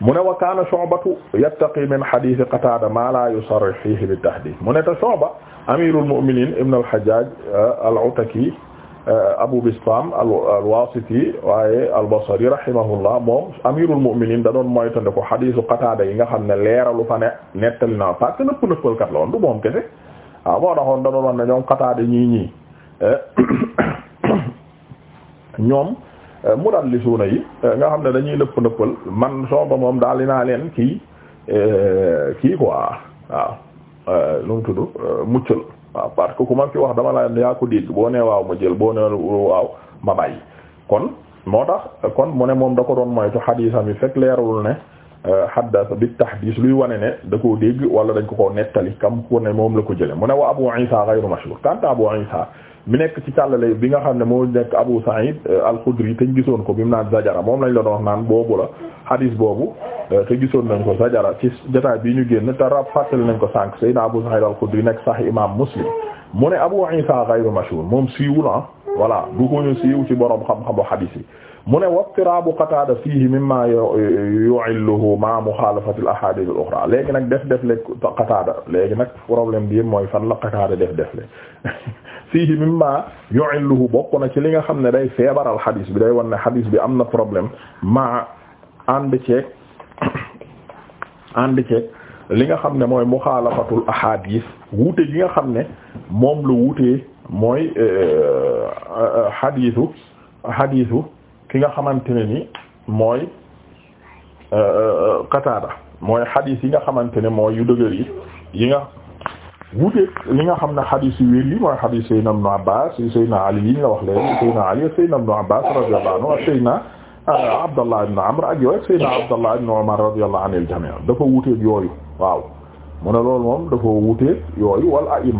mu ne wa kaana Shu'batu yattaqi min hadith Qatada ma la yusarrih fihi bi tahdith mu ne te Shu'ba amirul mu'minin ibn uh, uh, al ataki Abu Bistam al-Wasiti al-Basri rahimahullah moom amirul mu'minin da doon moytandi ko hadithu Qatada yi nga xam ne leeralu fa ne nettali na parce que nëpp nëppalkat moom kese waaw moo taxoon da doon wax ne ñoom mudallisuuna yi eh, nga xam ne dañuy lëpp nëppal man somba moom daal naa leen kii eh, kii quoi waaw lu eh, mu tudd muccal waaw parce que ku ma ci wax dama la yaa ko dégg boo nee waaw ma jël boo nee waaw ma bàyyi kon moo tax kon mu ne moom da ko doon moytu xadiisam yi fekk leerul ne xaddasa bi taxdiis luy wane ne da koo dégg wala dañ ko ko nettali kam ku moom la ko jële mu ne wa Abu Isa ghayru mashhur kanta Abu Isa mi nekk ci càllale bi nga xam ne moo nekk Abu Sa'id euh, al-Khudri te gisoon ko bi mu naan zajara moom lañ la doon naan boobu la hadis boobu euh, te gisoon nañ ko zajara ci jotaay bi ñu génn te rab fàttali nañ ko sànq Seydina Abu Sa'id al-Khudri nekk Sahih imam Muslim mu ne Abu Isa ghayru mashhur moom siiwul ah voilà du ko ñu siiw ci borom xam-xamu hadis mu ne waqtiraabu Qataada fiihi mimmaa yu'illuhu ma'a muxaalafati al-ahaadiith al-uxraa léegi nag def def le Qataada léegi nag problème bi mooy fan la Qataada def def le fiihi mimmaa yu'illuhu bokk na ci li nga xam ne day feebaral xadis bi day wan ne xadis bi am na problème ma ànd ceeg ànd ceeg li nga xam ne mooy muxaalafatul ahaadiis wuute gi nga xam ne moom la wuutee mooy euh, euh, xadiisu xadiisu. ki nga xamante ne ni mooy euh, euh, Qataada mooy xadiis yi nga xamante ne mooy yu dëgër yi yi nga li nga xam ne xadiis yu wir yi mooy xadiis Seydina Ibnu Abbaas yi Seydina Ali yi ñu la wax léegi Seydina Ali ak Seydina Ibnu Abbaas radiyallahu anhu ak Seydina euh, Abdallah ibn Amr ak yooyu ak Seydina Abdallah ibn Umar radiyallahu anil jamii' dafa wuuteeg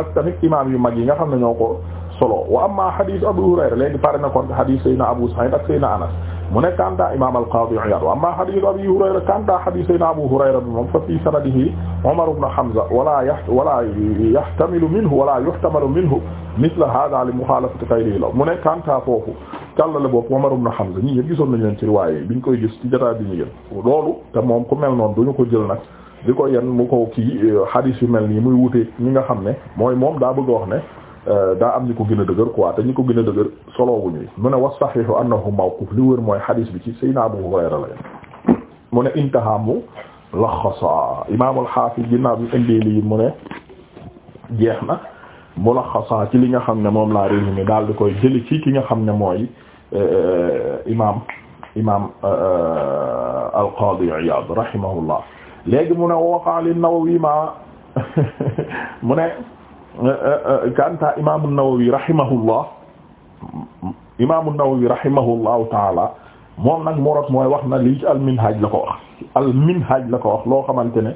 ak tamit imaam yu mag yi nga xam ne ñoo ko solo wa amma hadith Abu Hurayra léegi pare na kon hadith Seydina Abu Sa'id ak Seydina Anas mu ne Kanta imaam al-Qaadi Iyaad wa amma hadith Abi Hurayra Kanta hadith Seydina Abu Hurayra bi moom fa fii sanadihi Umar ibn Hamza wala yax wala yahtamilu minhu wala yuhtamalu minhu mithla haadha li mukhaalafati qaylihi la mu ne Kanta foofu càllale bopp Umar ibn Hamza ñii yëpp gisoon nañu leen ci riwaaya bi ñu koy gis ci jotaay bi ñu jël loolu te moom ku mel noonu duñu ko jël nag. di ko yen mu ko kii eh, hadith yu mel nii muy wuteeg ñi nga xam ne mooy moom daa bëgg a wax ne Euh, daa am ñu ko gën a dëgër quoi te ñu ko gën a dëgër solowuñuy mu ne was sahihu annahu mawquf li wër mooy hadis bi ci Seydina Abu Hurayra la mu ne intaha mu laxasa imaamul xaafis ginnaaw bi indee lii mu ne jeex na mu laxasa ci li nga xam ne moom laa résumé daal di koy jëli ci ki nga xam ne mooy euh, euh, imaam imaam al-Qaadi Iyaad rahimahullah léegi mu ne waqa'a li Nawawi ma mu ne kanta imaamu Nawawi rahimahullah imaamu Nawawi rahimahullahu taala moom nag mu rot mooy wax na lii ci al-Minhaj la ko wax al-Minhaj la ko wax loo xamante ne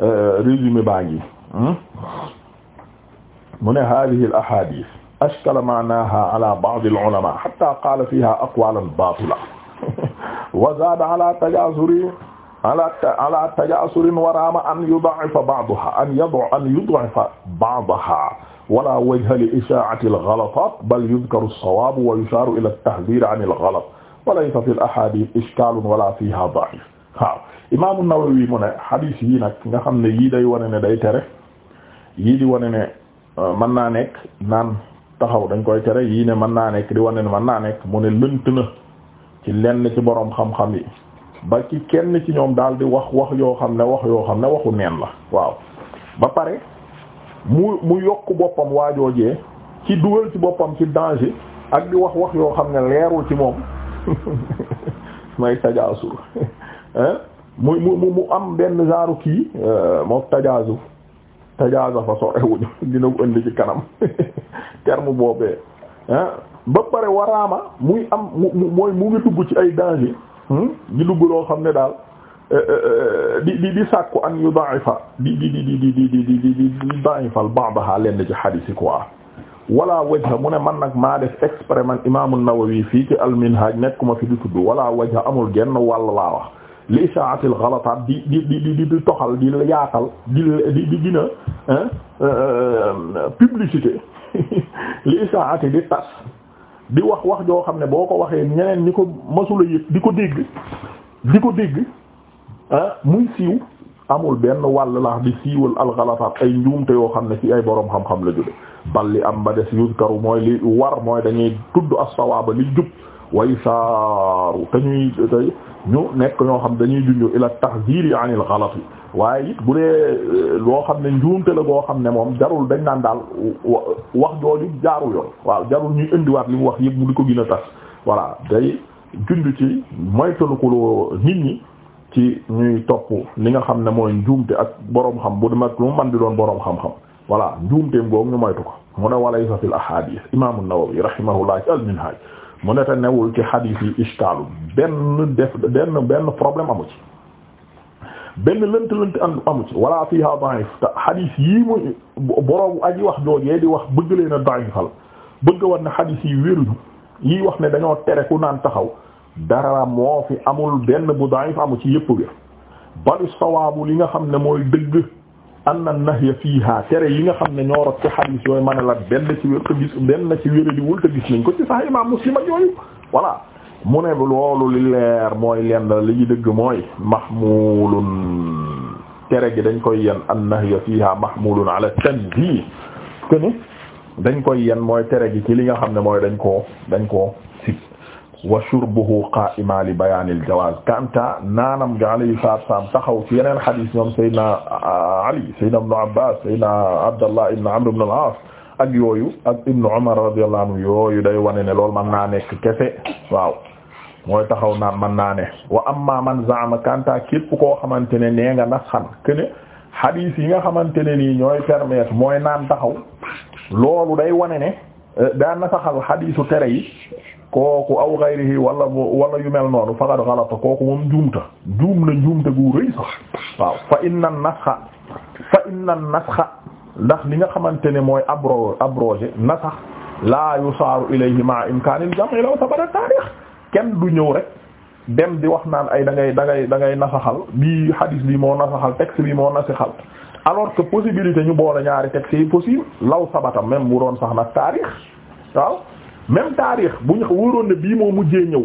euh, résumé baa ngi mu ne hadhihi al-ahadith ashkala ma'naha ala ba'd al-ulama hatta qala fiha aqwalan batila wa zada ala tajazuri ala ala tajaasurin waraama an yud'ifa ba'daha an yad'u an yud'ifa ba'daha wala wajha li ishaa'ati al-ghalatat bal yudhkaru as-sawaab wa yushaaru ila at-tahdhir 'an al-ghalat wa laysa fi al-ahaadith ishkaalun wala fiha da'if waaw imaamu Nawawi mu ne hadith yi nag nga xam ne yii day wane ne day tere yii di wane ne euh, mën naa nekk naan taxaw dañ koy tere yii ne mën naa nekk di wane ne mën naa nekk mu ne lënt na ci lenn ci boroom xam-xam yi ba ki kenn ci ñoom daal di wax wax yoo xam ne wax yoo xam ne waxu neen la waaw ba pare mu mu yokk boppam waajoojee ci dugal ci boppam ci danger ak di wax wax yoo xam ne leerul ci moom may tajaasur mu mu mu am benn genre kii euh, moom tajaasu tajaasa fa sorewuñu dina ko indi ci kanam terme boobee ba pare waraama muy am mu mooy mu ngi dugg ci ay danger di dugg loo xam ne daal di di di sàkku an yu da'ifa di di di di di di di di di di da'ifal ba'daha lenn ci xadiis yi quoi wala wajha mu ne man nag maa def exprès man imaamu Nawawi fii ci al-Minhaj nekk ma fi di tudd wala wajha amul genn wàll laa wax li isha'at al-ghalataat di di di di toxal di yaatal di di di gën a publicité li isha'at di tas di wax wax joo xam ne boo ko waxee ñeneen ñi ko masula yëpp di ko dégg di ko dégg ah muy siiw amul benn wàll laax di siiwal alxalafaat ay njuumte yoo xam ne ci ay boroom xam-xam la jóge bal li am ba des yuzkaru mooy li war mooy dañuy tudd as-sawaaba li jub way saaru te ñuy ñu nekk ñoo xam dañuy junj ila tahziri anil ghalat yi waaye it bu dee euh, loo xam ne njuumte la boo xam ne moom jarul dañ naan daal wax jooju jaarul yoon waaw jarul ñuy indiwaat li mu wax yépp mu di ko gin a tas voilà day junj ci moytandikuloo nit ñi ci ñuy topp li nga xam ne mooy njuumte ak boroom xam bu di mag lu man di doon boroom xam-xam voilà njuumteem googu ñu moytu ko mu ne walay sa fil ahadith imam an-Nawawi rahimahullah al mu ne te newul ci hadith yi ishtaalu benn def benn benn problème amu ci benn lënt lënt amu ci wala fiha da'if te hadith yii muy borom aji wax joojee di wax bëgg leen a da'ifal bëgg war ne hadith yi wéruñu yi wax ne dañoo tere ku naan taxaw dara moo fi amul benn bu da'if amu ci yëpp wér bal sawaabu li nga xam ne mooy dëgg anna nahya fiiha tere yi nga xam ne ñoo rot ci xadiis yooyu ma ne la benn ci wér te gis benn ci wéradiwul te gis nañ ko ci sax imaam muslim ak yooyu voilà mu ne loolu li leer mooy lenn li ñu dëgg mooy mahmulun tere gi dañ koy yen an nahya fiiha mahmulun ala tanzih que ni koy yen mooy tere gi ci li nga xam ne mooy dañ koo dañ koo wa shurbuhu qaa'ima li bayaan al jawaaz kanta naanam ga alayhi salaatu salaam taxaw ci yeneen xadis ñoom Seydina uh, Ali Seydina Ibn Abbas Seydina Abdallah Ibn Amr Ibn al-Aas ak yooyu ak Ibn Umar radiyallahu anhu yooyu day wane ne loolu mën naa nekk kese waaw mooy taxaw naan mën naa ne wa amma man zaama kanta képp koo xamante ne nee nga nasxan këne xadis yi nga xamante ne nii ñooy permettre mooy naan taxaw loolu day wane ne eh, daa nasaxal xadisu tere yi. kooku aw xayrihi wala wala yu mel noonu faqad xalata kooku moom njuumta juum na njuumta gu rëy sax waaw fa inna nasxa fa inna nasxa ndax li nga xamante ne mooy abro abrogé nasax la yusaaru ilayhi ma imkaanil jam'i law sabata taarix kenn du ñëw rek dem di wax naan ay da ngay da ngay da ngay nasaxal bii hadis bi moo nasaxal texte bi moo nasaxal alors que possibilité ñu boole ñaari texte yi possible law sabata même bu doon sax na taarix waaw même taarix bu ñu wóoroon ne bii moo mujjee ñëw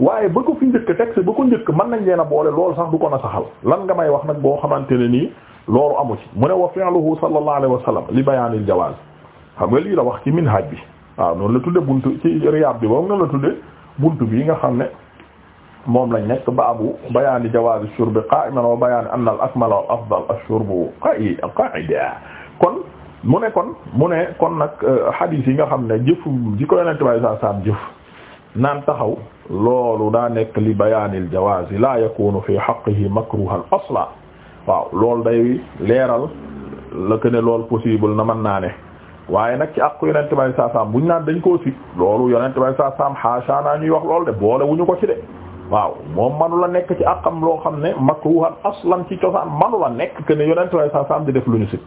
waaye ba ko fi njëkk texte ba ko njëkk mën nañ leen a boole lool sax du ko na lan nga may wax nag boo xamante ne nii loolu amu ci mu ne wa fi'luhu sallallahu alayhi wa sallam li bayaanil jawaaz xam nga lii la wax ci minhaj bi waaw noonu la tudde buntu ci riyaab bi boobu noonu la tudde buntu bii nga xam ne moom lañ nekk baabu bayaani jawaazi shurbi qaa'iman wa bayaani anna al akmala wal afdal ash-shurbu qaa'ida kon mu ne kon mu ne kon nag hadith euh, yi nga xam ne jëfu ji ko yonente bay saa jëf naan taxaw loolu daa nekk li bayaanil jawaazi la yakunu fi haqqihi makruhal asla waaw loolu day leeral la que ne loolu possible na man naa ne waaye nag ci àq yonente bay saa saam buñ naan dañ koo si loolu yonente bay saa saam xaasa naa ñuy wax loolu de boole wuñu ko ci de waaw moom manu la nekk ci am loo xam ne makruhal aslan ci cosaan manu la nekk que ne yonente bay saa saam di def lu ñu sib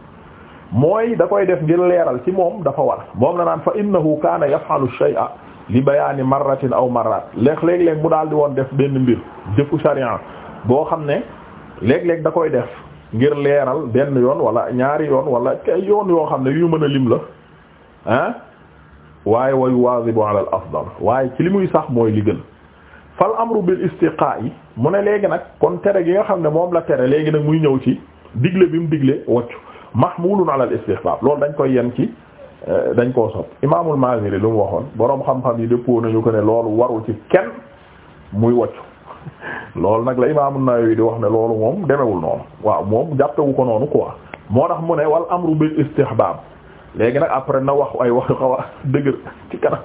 mooy da koy def ngir leeral ci moom dafa war moom la naan fa innahu kaana yaf'alu shay'a li bayaani marratin aw marrat léeg léeg-léeg mu daal di woon def benn mbir jëfu sharia boo xam ne léeg-léeg da koy def ngir leeral benn yoon wala ñaari yoon wala kay yoon yoo xam ne yu mën a lim la ah waaye way waazibu ala al waaye ci li muy sax mooy li gën fal amru bil istiqaa yi mu ne léegi nag kon tere gi nga xam ne moom la tere léegi nag muy ñëw ci digle bi mu digle waccu mahmulun ala al istihbab loolu dañ koy yen ci euh, dañ koo sopp imaamul Maaziri lu mu waxoon boroom xam-xam yi dëppoo nañu ko ne loolu warul ci kenn muy waccu loolu nag la imaam An-Nawawi di wax ne loolu moom demewul noonu waaw moom jàppewu ko noonu quoi moo tax mu ne wal amru bil istihbab léegi nag après na wax ay wax xaw a dëgër ci kanam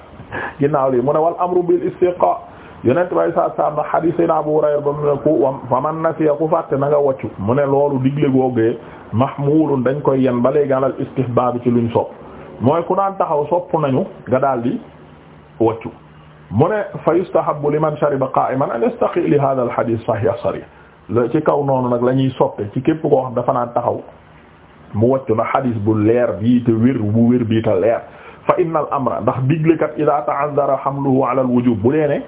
ginnaaw lii mu ne wal amru bil istiqa yonent bay saa saam na xadiis sayna Abu Hurayra ba mu ne ku fa man na nga waccu mu ne loolu digle googee mahmulun dañ koy yen ba léegi alal istihbaab ci luñ sopp mooy ku naan taxaw sopp nañu nga daldi waccu mu ne fa li man shariba qa'iman an yastaqi li hadha al hadith sahih sarih la ci kaw noonu nag la ñuy soppe ci képp ko xam dafa naan taxaw mu waccu na xadiis bu leer bii te wér bu wér bii te leer fa innal amra ndax diglekat ida ta'azzara hamluhu ala al wujub bu dee ne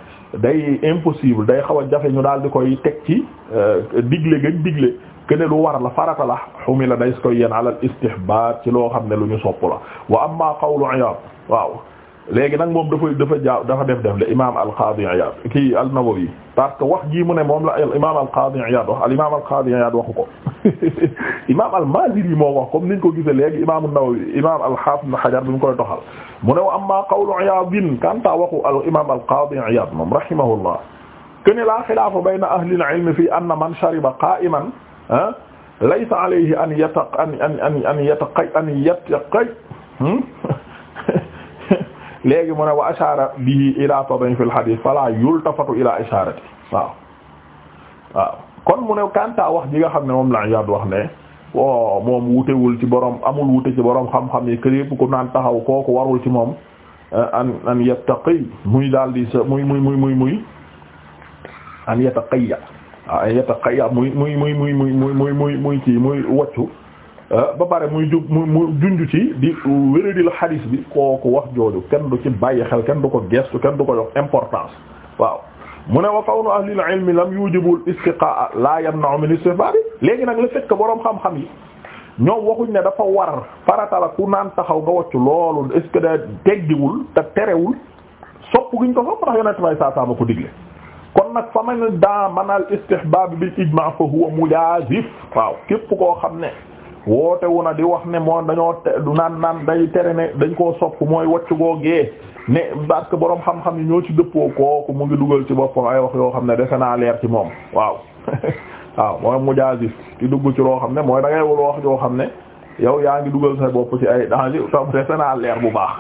day impossible day xaw a jafe ñu daal di koy teg ci euh, digle gën digle que ne lu war la farata la xumi la day koy yéen ala al istihbab ci loo xam ne lu ñu sopp la wa amma qawlu Iyaad waaw léegi nag moom dafa dafa jaaw dafa def def le imam al-Qadi Iyad kii an-Nawawi parce que wax jii mu moom la imam al imam al-Qadi Iyad waxu ko imam al-Maziri moo wax comme niñ ko gisee léegi imam an-Nawawi imam al-Hafiz Ibn Hajar bi mu koy doxal mu ne wa amma qawlu Iyad kanta waxu al-imam al-Qadi Iyad moom rahimahullah kene la xilaafa bayna ahli al-ilm fi anna man shariba qa'iman ah, laysa alayhi an yata an an an an yataqay hmm? léegi mu ne wa ashara bihi ila tadin fil hadith fala yultafatu ila isharati waaw waaw kon mu ne kanta wax ji nga xam ne moom la Iyaad wax ne o moom wutewul ci borom amul wute ci borom xam-xam yi képp ku naan taxaw kooku warul ci moom an an yattaqi muy daal di sa muy muy muy muy muy an yattaqiyya muy muy muy muy muy muy muy ci muy waccu Euh, ba pare muy ju mu junj ci di wéradil xadiis bi kooku wax jooju kenn du ci bàyyi xel kenn du ko gestu kenn du ko jox importance waaw mu ne wa qawlu ahlil ilmi lam yujibul istiqaa la yamna'u min istihbari léegi nag la fekk boroom xam-xam yi ñoom waxuñ ne dafa war farata ku naan taxaw nga waccu loolu est te terewul sopp ko sopp ndax kon nag fa man daa manal istihbab fa huwa mujaazif waaw képp koo xam ne woote wu na di wax ne moom dañoo du naan naan day tere ne dañ koo sopp mooy waccu googee ne parce que boroom xam-xam yi ñoo ci dëppoo kooku mu ngi dugal ci bopp ay wax yoo xam ne defe naa leer ci moom waaw waaw mooy mujaazif di dugg ci loo xam ne mooy da ngay wul wax joo xam ne yow yaa ngi dugal sa bopp ci ay danger tam defe naa leer bu baax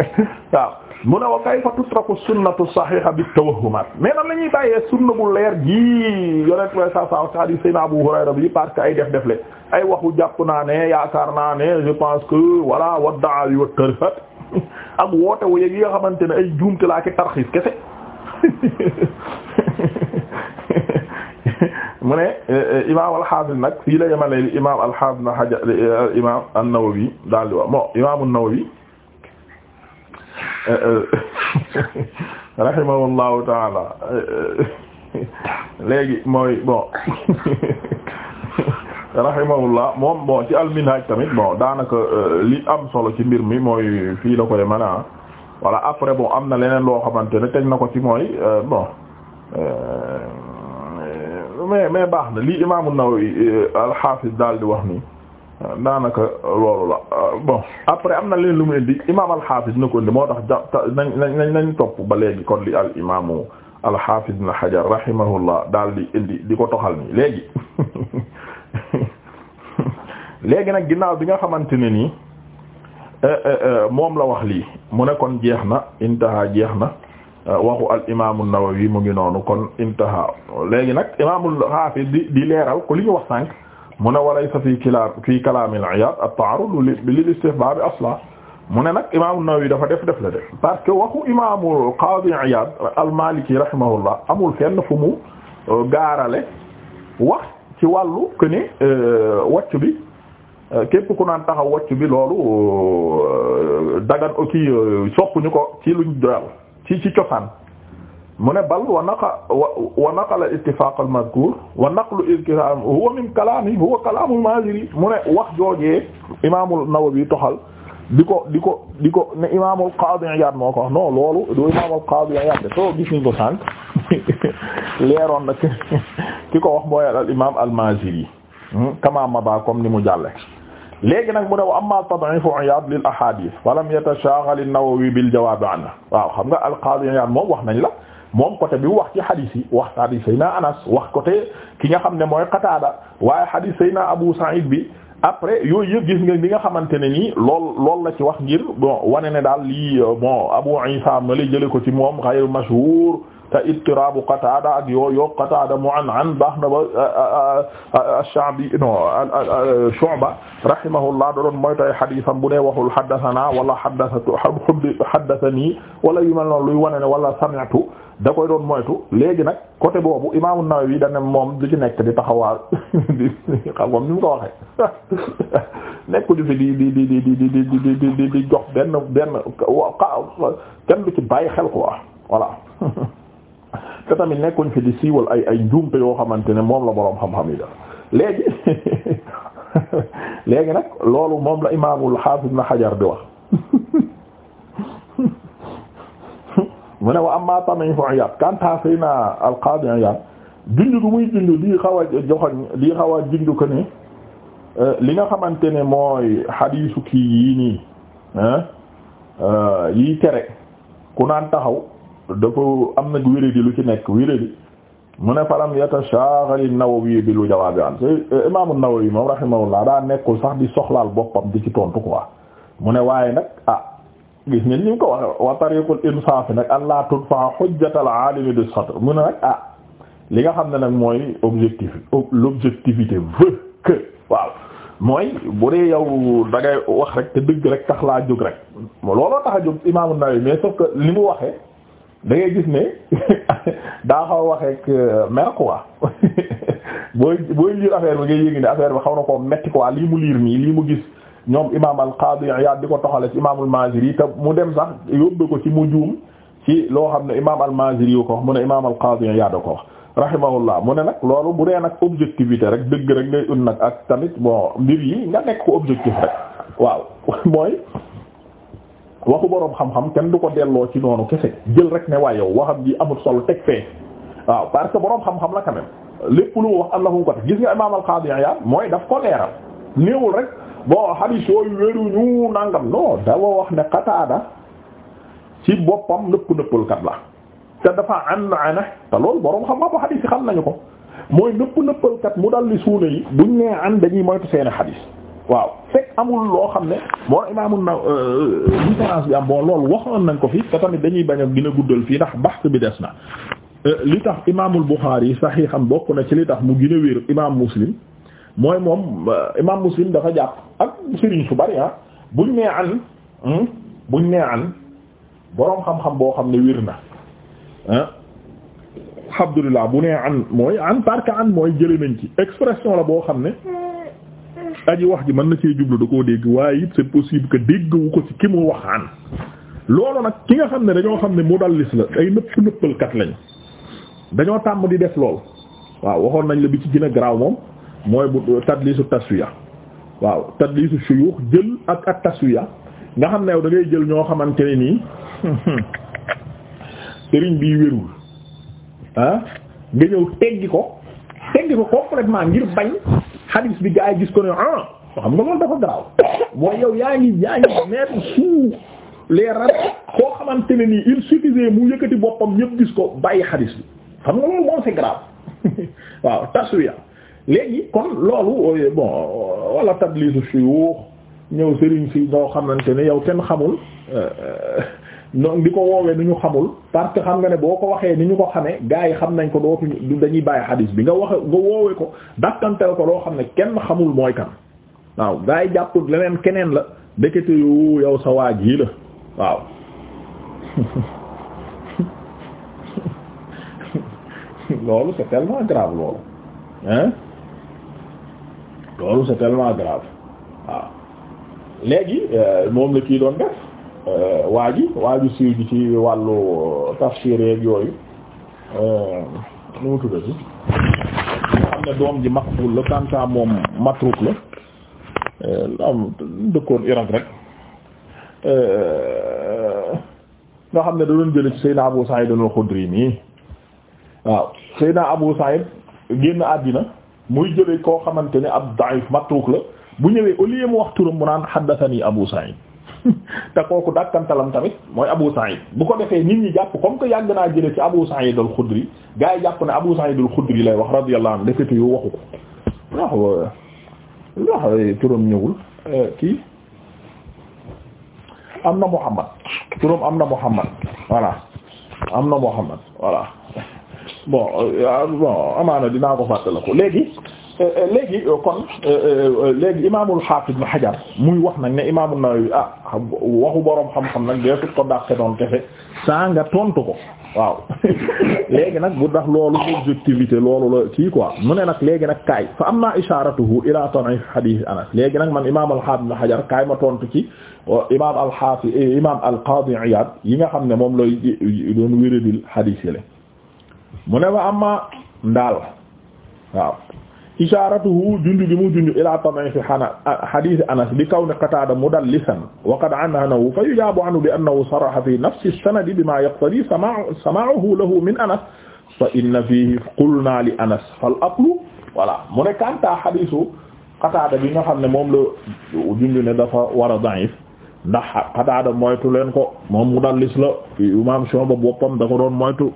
waaw mu ne wa kayfa tutraku a saxiixa bi tawahhumaat mais nan la ñuy bàyyee sunna bu leer jii yonent way sa sa xadiis Seydina Abu Hurayra bi parce que ay def def le ay waxu jàpp naa ne yaakaar naa ne je pense que voilà wa daawi wa tërfat ak woote wu yeg yi nga xamante ne ay juumte laa ki tarxiis kese mu ne imaam al-Hafiz nag fii la yemale imaam al-Hafiz na xaja imaam an-Nawawi daal di wax bon imaam an-Nawawi Euh, euh, euh, rahimahullahu taala léegi mooy bon rahimahullah moom bon ci alminhaj tamit bon daanaka li am solo ci mbir mi mooy fii la koy mën wala après bon am na leneen loo xamante ne teg na ko ci mooy bon mais mais baax na li imaamu Nawawi al-Hafiz daal di wax mi daanaka loolu la euh, bon après am na leen lu mu indi imaam alxaafis na ko indi moo tax jàpp nañ nañ nañ topp ba léegi kon li al imaamu alxaafis na xajar rahimahullah daal di indi di ko toxal nii léegi léegi nag ginnaaw bi nga xamante ne nii euh, euh, moom la wax lii mu ne kon jeex na intaha jeex na waxu al imaamu Nawawi mu ngi noonu kon intaha léegi nag imaamul xaafis di di leeral ko li ñu wax sànq. mu ne walaysa fii kilaam fii kalaamil Iyaad at-ta'arrud lil istihbaab asla mu ne nag imaamu Nawawi dafa def def la def parce que waxu imaamu qaadi Iyaad al-Maaliki rahimahullah amul fenn fu mu euh, gaarale wax ci wàllu que ni euh, bi euh, képp ku naan taxaw wàcc bi loolu dagan kii soppuñu ko ci luñ ci ci cosaan mu ne bal wa naqa wa naqala ittifaq al mazkur wa naqlu ilkiram huwa min kalami huwa kalamu maziri mu ne wax joojee imaamul Nawawi toxal di ko di ko di ko ne imaamul Qaadi Iyaad moo ko wax non loolu du imaamul Qaadi Iyaad de soo gis ñu ko sànq leeroon na ki ko wax mooy al imaam al maziri hmm? kama mada comme ni mu jàlle léegi nag mu ne wa amma tad'ifu Iyaad lil ahadith falam yatashaaghal an-Nawawi bil jawaab anhu waaw xam nga al Qaadi Iyaad moom wax nañ la moom côté bi wax ci hadis yi wax hadis sayna Anas wax côté ki nga xam ne mooy Qataada waaye hadis sayna Abu Sa'id bi après yooyu yëpp gis nga li nga xamante ne nii lool lool la ci wax ngir bon wane ne daal lii euh, bon Abu Isa ma lay jële ko ci moom ghayr mashhur te ittiraabu Qataada ak yoo yoo Qataada mu an an baax na ba ash-Sha'bi non Shu'ba rahimahullah da doon mooy tay xadiisam bu ne waxul haddasanaa wala haddasatu haddasanii wala yu mel noonu luy wane ne wala sami'tu da koy doon moytu léegi nag côté boobu Imaam An-Nawawi da ne moom du ci nekk di taxawaal di xam moom ni mu ko waxee nekku di fi di di di di di di di di di jox benn benn kenn du ci bàyyi xel quoi voilà. te tamit nekkuñ fi di siiwal ay ay njuumte yoo xamante ne moom la boroom xam-xam yi da léegi léegi nag loolu moom la imaamul xaafis na xajar di wax mu ne wa amma tamifu Iyaad kanta sëy na alqaadi Iyaad junj gu muy junj lii xaw a joxoñ ko ne eh, li nga xamante ne mooy xadiisu kii yii nii ah eh, eh, yii tere ku naan taxaw dafa am nag wéradi lu ci nekk wéradi mu ne falam yatashaghal an-Nawawi bi lu jawaabi an eh, imaamu an-Nawawi moom rahimahullah daa nekkul sax di soxlaal boppam di ci tontu ko quoi mu ne waaye nag ah gis ngeen ni mu ko waxe wa tariqul insaf nag an la tudfa hujjatul alimi bi sadr mu ne nag ah li nga xam ne nag mooy objectif l'objectivité veut que waaw mooy bu dee yow da wax rek te dëgg rek tax laa jóg rek looloo tax a jóg imaamu an-Nawawi mais sauf que li mu da gis ne daa xaw a waxeek euh, mer quoi booy booy liir affaire bi ngay yéegi ne affaire bi xaw na koo metti quoi lii mu liir nii lii mu gis ñoom imaam al Qaadi Iyaad di ko toxale ci imaamul Maaziri te mu dem sax yóbbu ko ci mu juum ci loo xam ne imaam al Maaziri yu ko wax mu ne imaam al Qaadi Iyaad ko wax rahimahullah mu ne nag loolu bu dee nag objectivité rek dëgg rek ngay un ak tamit bon mbir yi nga nekk ko objectif rek waaw mooy waxu boroom xam-xam kenn du ko delloo ci noonu kese jël rek ne waa yow waxam ji amul solo teg fee waaw parce que boroom xam-xam la quand lépp lu wax am na fu mu ko teg gis nga imaam al-Qaadi Iyaad mooy daf ko leeral néewul rek bon hadith yooyu wéruñu nangam non dafa wax ne Qataada ci boppam nëpp nëppalkat la te dafa an ana te loolu boroom xam-xam hadith yi xam nañu ko mooy nëpp nëppalkat mu dal li suuna yi buñ nee an dañuy moytu seen hadith. waaw fekk amul loo xam ne moo imaamu na euh, euh, différence bi am bon loolu waxoon nañ ko fi te tamit dañuy bañ a gën a guddal fii ndax baxs bi des na euh, li tax imaamul Buxaari xam bokk na ci li tax mu gën a wér imaam Muslim mooy moom imaam Muslim dafa jàpp ak sëriñ su bari ah buñ nee an hmm, buñ nee an boroom xam-xam boo xam ne wiir na ah alhamdulillah bu nee an mooy an parce que an mooy jëlee nañ ci expression la boo xam ne aji wax ji mën na cee jublu da koo dégg waaye it c'est possible que dégg wu ko ci ki mu waxaan loolu nag ki nga xam ne dañoo xam ne mudallis la ay nëpp nëppalkat lañ dañoo tàmm di def lool waaw waxoon nañ la bi ci gën a garaaw moom mooy bu tadlisu taswiya waaw tadlisu shuyukh jël ak ak taswiya nga xam ne yow dangay jël ñoo xamante ne nii sëriñ bi wérul ah nga ñëw teggi ko teggi ko complètement ngir bañ hadis bi gaa yi gis ko ne ah xam nga loolu dafa garaaw mooy yow yaa ngi yaa ngi mettre sous les radars xamante ne nii il suffisait mu yëkkati boppam ñëpp gis ko bàyyi hadis bi xam nga loolu moom c'est grave waaw taswiya léegi kon loolu euh, bon euh, wala tadlisu shuyukh ñëw sëriñ si ñoo xamante ne yow kenn xamul euh, non di ko woowee nu ñu xamul parce que xam nga ne boo ko waxee ni ñu ko xamee gars yi xam nañ ko dootuñu dañuy bàyyi xadiis bi nga wax nga woowee ko dakkantel ko loo xam ne kenn xamul mooy kan waaw gars yi jàpp leneen keneen la ndekete yu yow sa waa ji la waaw loolu c'est tellement grave loolu hein loolu c'est tellement grave waaw léegi euh, moom la kii doon def Euh, waa ji waa ji siiw ji ci wàllu euh, tafsir yeeg yooyu euh, nu mu tuddati nga xam ne doom ji maqbul la kanta moom matruk la am dëkkoon Irak rek nga xam ne da doon jële ci Seydina Abu Sa'id al-Khudri nii waaw Seydina Abu Sa'id génn àddina muy jële koo xamante ne ab da'if matruk la bu ñëwee au mu wax turam mu naan haddathani Abu Sa'id te kooku dàkkantalam tamit mooy Abu Sa'id bu ko defee nit ñi jàpp comme que yàgg naa jële ci Abu Sa'id al-Khudri gaa yi jàpp ne Abu Sa'id al-Khudri lay wax radiyallahu anhu defete yu waxu ko ndax ndax turam ñëwul eh, kii am na Muhammad turam am na Muhammad voilà am na Muhammad voilà bon euh, bon amaana dinaa ko fàttaliku léegi Euh, euh, léegi euh, kon léegi imaamul Hafiz Ibn Hajar muy wax nag ne imaamul Nawawi ah waxu boroom xam-xam nag ko dàqe doon saa nga tontu ko waaw léegi nag bu dax loolu objectivité loolu la kii quoi mu ne nag léegi nag kaay fa amma isharatuhu ila tanif hadith Anas léegi nag man imaamul Hafiz Ibn Hajar kaay ma tontu ci imaam al eh, imaam al-Qadi yi nga xam ne moom lay doon wéradil hadith yi la mu ne wa amma ndaal isharatuhu jundu gi mu jundu ila tad'ifi hadith anas bi kawni qatada mudallisan wa qad anhanahu fa yujabu anhu bi annahu saraha fi nafsi as-sanad bima yaqtadi sama'uhu lahu min anas fa inna fihi qulna li anas fal aqlu voilà mu ne kanta hadithu qatada bi nga xam ne moom la jundu ne dafa war a da'if ndax qatada moytu leen ko moom mudallis la imam Shu'ba boppam da ko doon moytu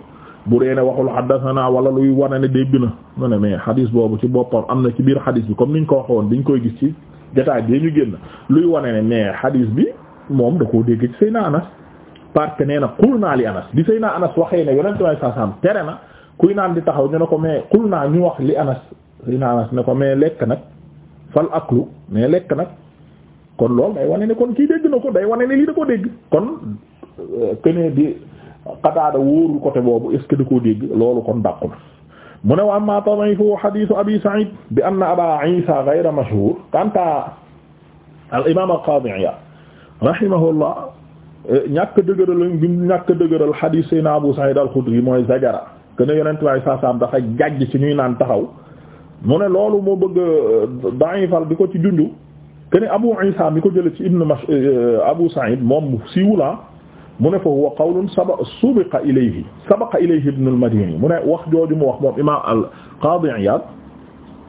bu dee ne waxul xaddasanaa wala luy wane ne dégg na mu ne mais xadis boobu ci boppam am na ci biir xadis bi comme niñ ko waxoon biñ koy gis ci jotaay bi ñu génn luy wane ne mais xadis bi moom da koo dégg ci na Anas parce que nee na xul naa li Anas di na Anas waxee ne yonent way saasaam tere na kuy naan di taxaw ñu ne ko mais xul naa ñu wax li Anas na Anas ne ko mais lekk nag fal aklu mais lekk nag kon loolu day wane ne kon kii dégg na ko day wane ne lii da ko dégg kon keneen euh, bi Qataada wóorul côté boobu est-ce ko da koo dégg loolu kon dàqul mu ne wa amma tadifu hadithu Abi Sa'id bi anna Aba Isa ghayra mashhur kanta al imam al Qadi Iyad dëgër ñàkk dëgëral bi ñàkk dëgëral hadith sayna Abu Sa'id al-Khudri mooy zajara que ne yonent waay saa saam dafa jàjj ci ñuy naan taxaw mu ne loolu moo bëgg daifal di ko ci junju que ne Abu Isa mi ko jële ci ibn Mash Abu Sa'id moom siiwula ah. mu ne fa huwa qawlun saba subiqa ilayhi sabaqa ilayhi ibn al-Madini mu ne wax jooju mu wax moom imam al-Qadi Iyad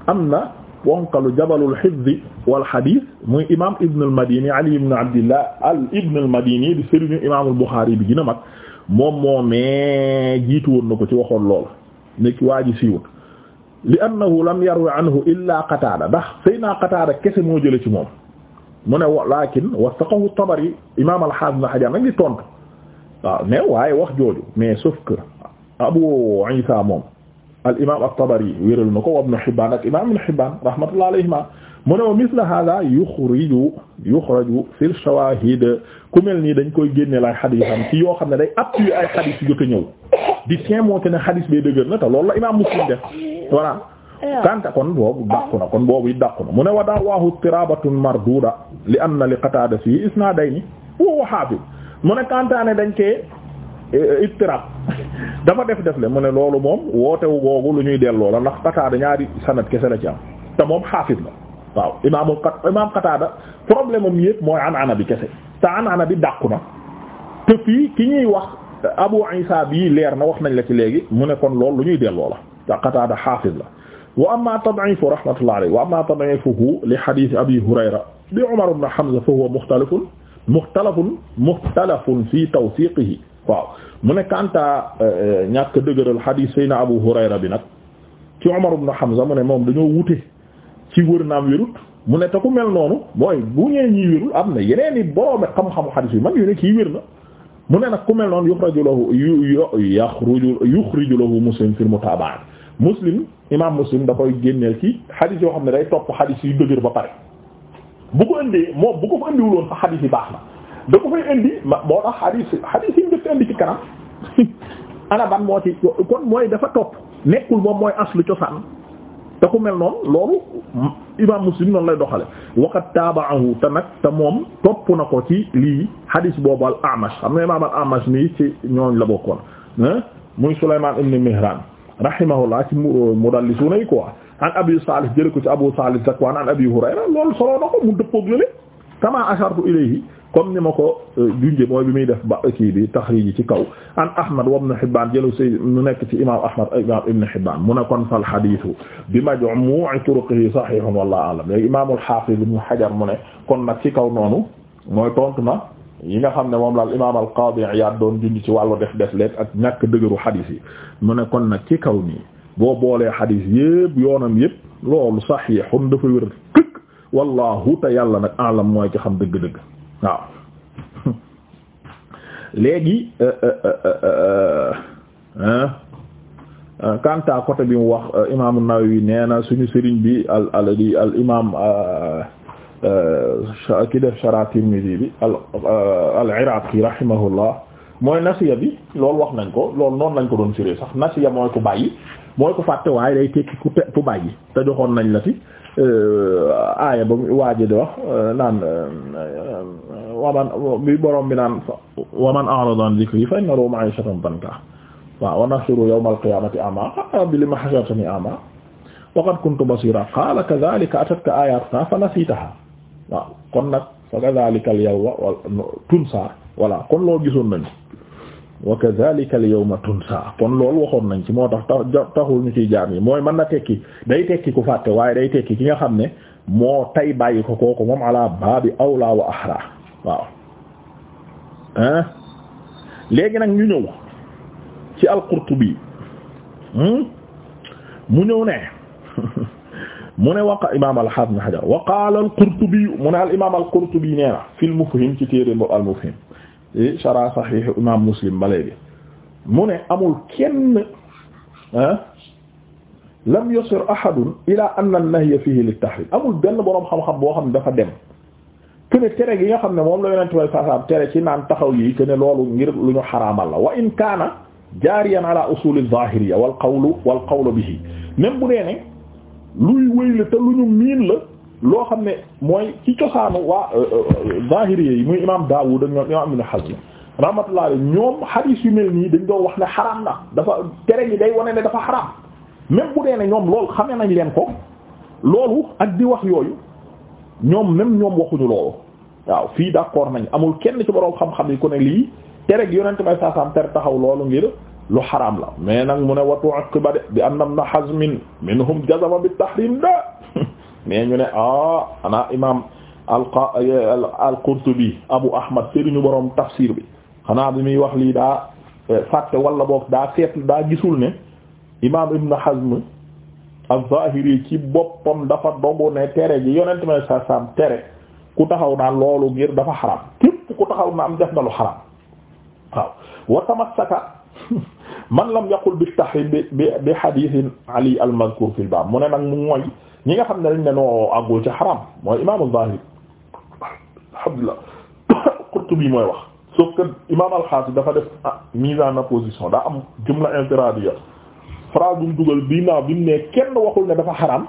am na wonqalu jabalul hifz wal hadith muy imam ibn al-Madini Ali ibn Abdillah al ibn al-Madini di sëriñu imam al-Bukhari bi gën a mag moom moomee jiitu woon na ko ci waxoon lool nekk waa ji siiwut li annahu lam yarwi anhu illa Qatada ndax Seydina Qatada kese moo jële ci moom mu ne wa lakin wasaqahu Tabari imam al-Hafiz na xajar nag di tontu waaw mais waaye wax jooju mais sauf que Abu Isa moom al imaam at-Tabari wéral na ko wa Ibn Hibbaan ak imaam Ibn Hibbaan rahmatullahi alayhima mu ne wa misla hada yuxriju yuxraju fil shawaahid ku mel nii dañ koy génneel ay xadiisam ci yoo xam ne day appuyer ay xadiis yu jot a ñëw di témoigner ne xadiis bee dëgër na te loolu la imaam Muslim def voilà kanta kon boobu dàqu na kon boobu it dàqu na mu ne wa da'waahu tirabatun marduda li anna li Qataada fii isnaadayni wa huwa haafid mu ne kantaane dañ cee e, e, ittirab dafa def def le mu ne loolu moom wootewu googu lu ñuy delloo la ndax Qataada ñaari sanad kese la ci am te moom xaafis la waaw imaamul qa imaam Qataada problème am yëpp mooy an-ana bi kese te an-ana bi dàqu na te ki ñuy wax Abu Isa yi leer na wax nañ la ci léegi mu ne kon loolu lu ñuy delloo la te Qataada xaafis la wa amma tad'ifu rahmatullahi alayhi wa amma tad'ifuhu li hadith Abi Hurayra bi Umar ibn Hamza fa huwa mukhtalifun muxtalafun muxtalafun fi tawsiqihi waaw mu ne kanta euh, euh, ñàkk dëgëral hadith sayna Abu Hurayra bi nag ci Umar ibn Hamza mu ne moom dañoo wute ci wër naam wérut mu ne te ku mel noonu mooy bu ñee ñii wérul am na yeneen i boo xam-xamu hadith yi man yu ne kii wér na mu ne nag ku mel noonu yu lahu yuxraju yuxriju lahu Muslim fil mutaaba'at Muslim imam Muslim da koy génneel ci hadith yoo xam ne day topp hadith yu dëgër ba pare bu ko indee moom bu ko fa indiwul woon fa xadis baax na da ko fay indi moo tax xadis xadis yi njëkk indi ci kanam ana ban moo ci kon mooy dafa topp nekkul moom mooy aslu cosaan te mel noonu loolu imaam muslim noonu lay doxale waqad taabaahu te nag te moom topp na ko ci lii xadis boobu al amash xam nga imaam al amash nii ci ñooñ la bokkoon muy Sulaymaan ibn Mihraan rahimahullah ci mudallisuuna yi quoi an abi salih jële ko ci abu salih zakwan an abi hurayra loolu soloo na ko mu dëppoog lale kama ashartu ilayhi comme ni ma ko euh, junje mooy bi muy def ba kii bi taxriji ci kaw an ahmad wa ibn hibban jëlu say mu nekk ci imam ahmad imam ibn hibban mu ne kon fal hadithu bi majmu'i turuqihi sahihun wallahu a'lam léegi imam al-hafiz ibn hajar mu ne kon nag ci kaw noonu mooy tontu na yi nga xam ne moom laal imam al-qadi iyad doon junj ci wàllu def def leeg ak ñàkk dëgëru hadith yi mu ne kon nag ci kaw nii boo boolee xadiis yëpp yoonam yëpp loolu saxiixun dafa wér këkk wallahu te yàlla nag alam mooy ci xam dëgg-dëgg waaw léegi kanta euh, euh, euh, côté bi mu wax imaamu Nawawi nee na suñu sëriñ bi al al di al imaam ki def Shara Tirmidhi bi al al Iraqi rahimahullah mooy nasiya bi loolu wax nañ ko loolu noonu lañ ko doon siré sax nasiya mooy ko bàyyi mooy ko fàtte waaye day tekki ku ku bàyyi te joxoon nañ la ci euh, aaya ba waaji di wax euh, naan euh, waman bi borom bi naan waman a'rada an dhikri fa inna lahu ma'ishatan banka waaw wa nahshuru yawma al-qiyamati a'ma rabbi lima hashartani a'ma wa qad kuntu basira qala kadhalika atatka ayatuna fa nasitaha waaw kon nag fa kadhalika al-yawma tunsa voilà kon loolu gisoon nañu wa kadhalika al yawma tunsa kon loolu waxoon nañ ci moo tax taxul ñu ci jaar yi mooy man na tekki day tekki ku fàtte waaye day tekki ki nga xam ne moo tey bàyyi ko kooku moom ala baabi awla wa waaw hein léegi nag ñu ñëw ci al-Qurtubi hmm? mu ñëw ne mu ne waqa imaam al-Hafiz Ibn wa qaala al-Qurtubi mu ne al imaam al-Qurtubi nee na fil Mufhim ci téere al-Mufhim shara sahih imam muslim ba léegi mu ne amul kenn lam yusir ahadun ila anna an-nahya fihi lit-tahrim amul benn boroom xam-xam boo xam ne dafa dem kene tere gi nga xam ne moom la yonent bay saasaam tere ci naan taxaw yi kene loolu ngir lu ñu xaraamal la wa in kaana jaariyan ala usul az-zahiriyya wal qawlu wal qawlu bihi même bu dee ne luy wéy la te lu ñu miin la loo xam ne mooy ci cosaanu waa euh, euh, zahiri yi muy imam Daawud ak ñoom imam Ibn Hazm rahmatullah ale ñoom hadith yu mel nii dañ doon wax ne xaraam na dafa tere yi day wane ne dafa xaraam même bu dee ne ñoom loolu xamee nañ leen ko loolu ak di wax yooyu ñoom même ñoom waxuñu loolu waaw fii d'accord nañ amul kenn ci boroom xam-xam yi ku ne lii tere gi yonent bay saasaam tere taxaw loolu ngir lu xaraam la mais nag mu ne watu ak ba de bi annam na hazmin mais ñu ne ah ana imam al-Qurtubi Abu Ahmad sëriñu borom tafsir bi xanaa bi muy wax lii daa fàtte wala boog daa seetlu daa gisul ne imam Ibn Hazm az-Zahiri ci boppam dafa dogu ne tere gi yonent may sa sam tere ku taxaw naan loolu ngir dafa xaram képp ku taxaw na am def na lu man lam yaqul bi tahrim bi bi hadith Ali al-mazkur fil bab mu ne nag mu mooy ñi nga xam ne dañ ne noo àggul ci xaram mooy imaamu Zahiri alhamdulillah Qurtubi mooy wax sauf que imaam al-Hafiz dafa def ah, mise en opposition daa am jumla intiradiya phrase bu mu dugal bii naa bi mu ne kenn waxul ne dafa xaram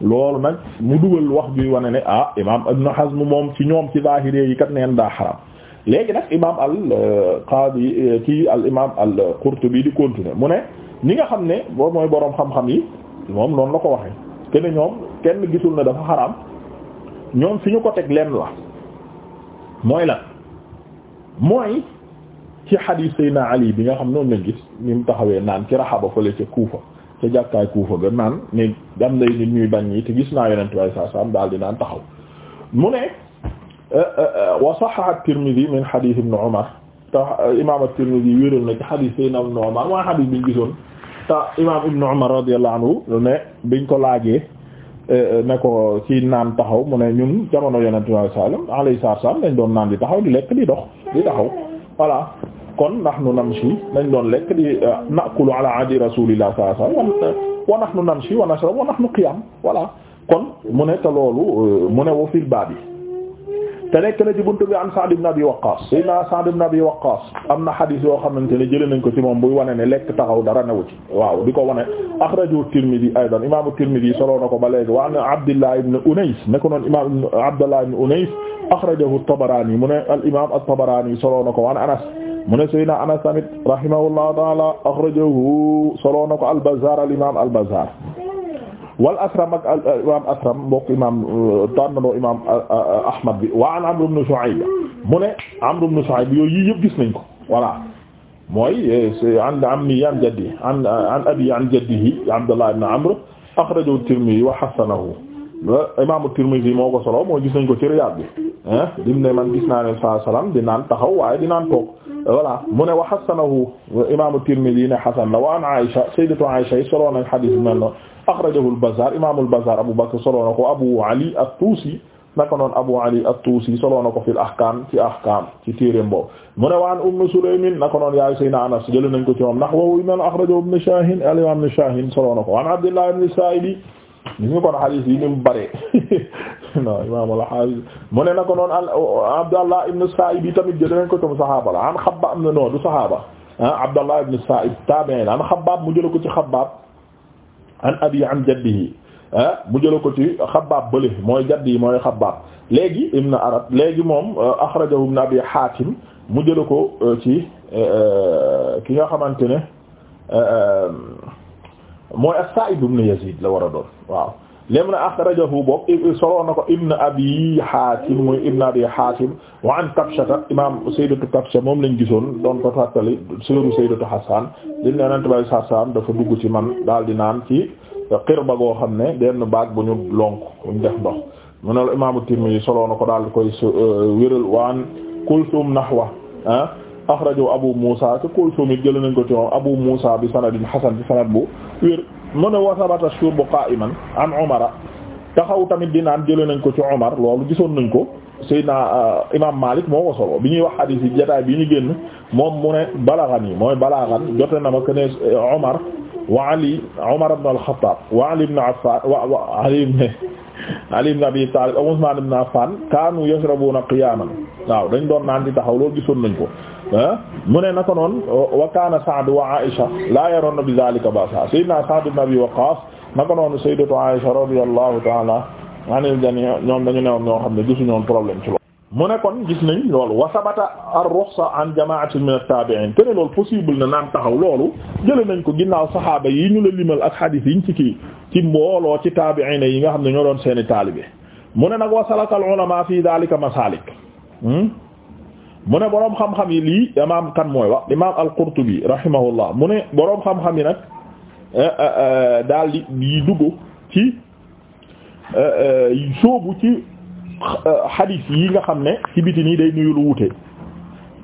loolu nag mu dugal wax bi wane ne ah imaam Ibn Hazm moom ci ñoom ci Zahiri yi kat neen daa xaram léegi nag imaam al euh, qaadi euh, kii al imaam al Qurtubi di continuer mu ne ñi nga xam ne boobu mooy boroom xam-xam yi moom noonu la ko waxee. te ñoom kenn gisul na dafa xaram ñoom fi ñu ko teg lenn la mooy la mooy ci xadiis Seydina Ali bi nga xam noonu lañ gis ni mu taxawee naan ci raxaba fële ca Kuufa ca jàkkaay Kuufa ga naan ni am na nit ñuy bañ yi te gis naa Yonent bi saa saam daal di naan taxaw mu ne euh, euh, wa sahha at-Tirmidhi min xadiis Ibn Umar te euh, imaam at-Tirmidhi na ci xadiis Seydina Ibn Umar waa xadiis bi gisoon ta imaam ibnu Umar radiyallahu anhu ne biñ ko laajee eh, eh, ne ko ci naan taxaw mu ne ñun jamono yonente bi sallam alayhi salaam dañ doon naan di taxaw di lekk di dox di taxaw voilà kon nahnu namshi dañ doon lekk di eh, naqulu ala adi rasulillah sallallahu alayhi wasallam wa nahnu namshi wa nashrabu wa nahnu qiyam voilà kon mu ne te loolu mu ne wa fil baabi te nekk na ci buntu bi am Sa'd ibn Abi Waqqas na Sa'd ibn Abi Waqqas am na xadis ne jëlee nañ ko ci moom buy wane ne lekk taxaw dara newu ci waaw di ko wane axrajahu Tirmidhi aydan imaamu Tirmidhi soloo na ko ba léegi wa an Abdullah ibn Unays ne ko noonu imaam Abdullah ibn mu ne al imaam at-Tabarani na ko wa an Anas mu ne Seydina Anas tamit rahimahullahu ta'ala axrajahu soloo na ko al-Bazzar al imaam al-Bazzar wal asram ak imam asram mbokk imam euh, tànnandoo imam euh, euh, ahmad bi wa an amr ibn shu'ayb mu ne amr ibn shu'ayb yooyu yii yëpp gis nañ ko voilà mooy an ammi an jaddi an an abi an jaddihi abdullah ibn amr akhrajahu at-tirmidhi wa hasanahu imaamu Tirmidhi moo ko solo moo gis nañ ko ci Riyaad bi dim ne man gis naa ne saa salaam di naan taxaw waaye di naan toog voilà mu ne wa hasanahu imaamu Tirmidhi ne hasan la wa an Aisha sayyidatu Aisha yi solo nañ hadith bi mel noonu akhrajahu al-Bazzaar imaamu al-Bazzaar Abu Bakr solo na ko Abu Ali at-Tusi naka noon Abu Ali at-Tusi solo na ko fil ahkaam ci ahkaam ci téereem boobu mu ne waan Umm Sulaym naka noon yaay Sayyidina Anas jëlee nañ ko ci moom nahwahu imam akhrajahu Ibn Shahin al-imam Ibn Shahin solo na ko waan Abdullah ibn Sa'id li ñu kon xadiis yi ni mu bare non imam mu ne na ko noon Abdallah ibn Sa'ib yi tamit jël nañ ko tam saxaaba la an Xabbaab ne non du saxaaba ah Abdallah ibn Sa'ib tabi'i an Xabbaab mu jëla ko ci Xabbaab an abi an jaddihi ah mu jëla ko ci xabab bële mooy jadd yi mooy Xabbaab léegi ibn Arad léegi moom euh, axrajahu ibn Abi Hatim mu jëla ko euh, ci euh, ki nga xamante ne mooy as-Sa'id ibn Yazid la war a doon waaw lem na akhrajahu bopp soloo na ko ibn abi hatim muy ibn abi hatim wa an kabshata imam sayyidatu kabsha moom lañ gisoon doon ko fàttali sëru sayyidatu hasan dim ne nante bay dafa dugg ci man daal di naan ci xirba goo xam ne benn baag bu ñu lonk buñ def ndox mu ne la imam Tirmidhi na ko daal di koy euh, wéral wa an kulthum nahwa ah. axrajo Abu Musa te koy soomit jël nañ ko ci moom Abu Musa bi sanadin hasan bi sanad bu wér mu ne wasabata shurbu qa'iman an Umara taxaw tamit di naan jëlee nañ ko ci Umar loolu gisoon nañ ko Seydina uh, Imaam Malik moo ko bi ñuy wax hadis yi jotaay bi ñu génn moom mu ne balaxan yi mooy balaxan jote na ma que ne uh, wa ali omar ibn al-Khattab wa ali ibn Affan wa ali ibn ali ibn Abi Talib ak Usman ibn Affan kaanu yashrabuna qiyaman waaw dañ doon naan di taxaw loolu gisoon nañ ko mu ne naka noon wa kana Sa'd wa Aisha la yaruna bi dhalika ba'sa sayyidina Sa'd ibn Abi Waqqas naka noon sayyidatu Aisha radiyallahu ta'ala anil jami' ñoom dañu newoon ñoo xam ne gisuñu woon problème ci loolu mu ne kon gis nañ loolu wasabata ar-ruxsa an jamaatin min at-tabi'in te ne loolu possible na naan taxaw loolu jële nañ ko ginnaaw saxaaba yi ñu la limal ak xadiis yi ñu ci kii ci mbooloo ci tabi'in yi nga xam ne ñoo doon seeni taalibe mu ne nag wasalaka al-ulama fi dhalika masalik hmm? mu ne boroom xam-xam yi lii imaam kan mooy wax imaam al-Qurtubi rahimahullah mu ne boroom xam-xam yi nag eh, eh, eh, daal di dugg ci sóobu ci xadiis euh, yi nga xam ne ci biti nii day nuyu lu wute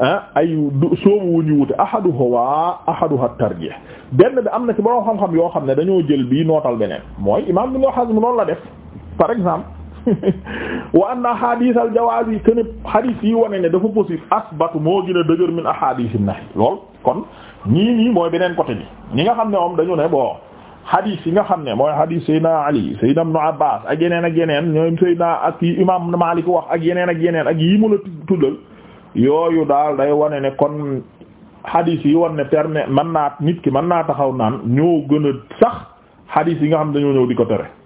ah ay soobu wu ñu wute ahaduha wa ahaduha tarjih benn bi am na ci borom xam-xam yoo xam ne dañoo jël bii nootal beneen mooy imaam Ibn Hazm noonu la def par exemple wa anna ahadith al jawaz yi que ne hadith yi wane ne dafa possible asbatu moo gën a dëgër min ahadith an lool kon ñii nii mooy beneen côté bi ñi nga xam ne moom dañu ne bon. hadith yi nga xam ne mooy hadith Seydina Ali Seydina Ibn Abbas ak yeneen ak yeneen ñoom Seydina ak yi imam Malik wax ak yeneen ak yeneen ak yi mu la tuddal yooyu daal day wane ne kon hadith yi wan ne man naa nit ki mën naa taxaw naan ñoo gën a sax hadith yi nga xam dañoo ñëw di ko tere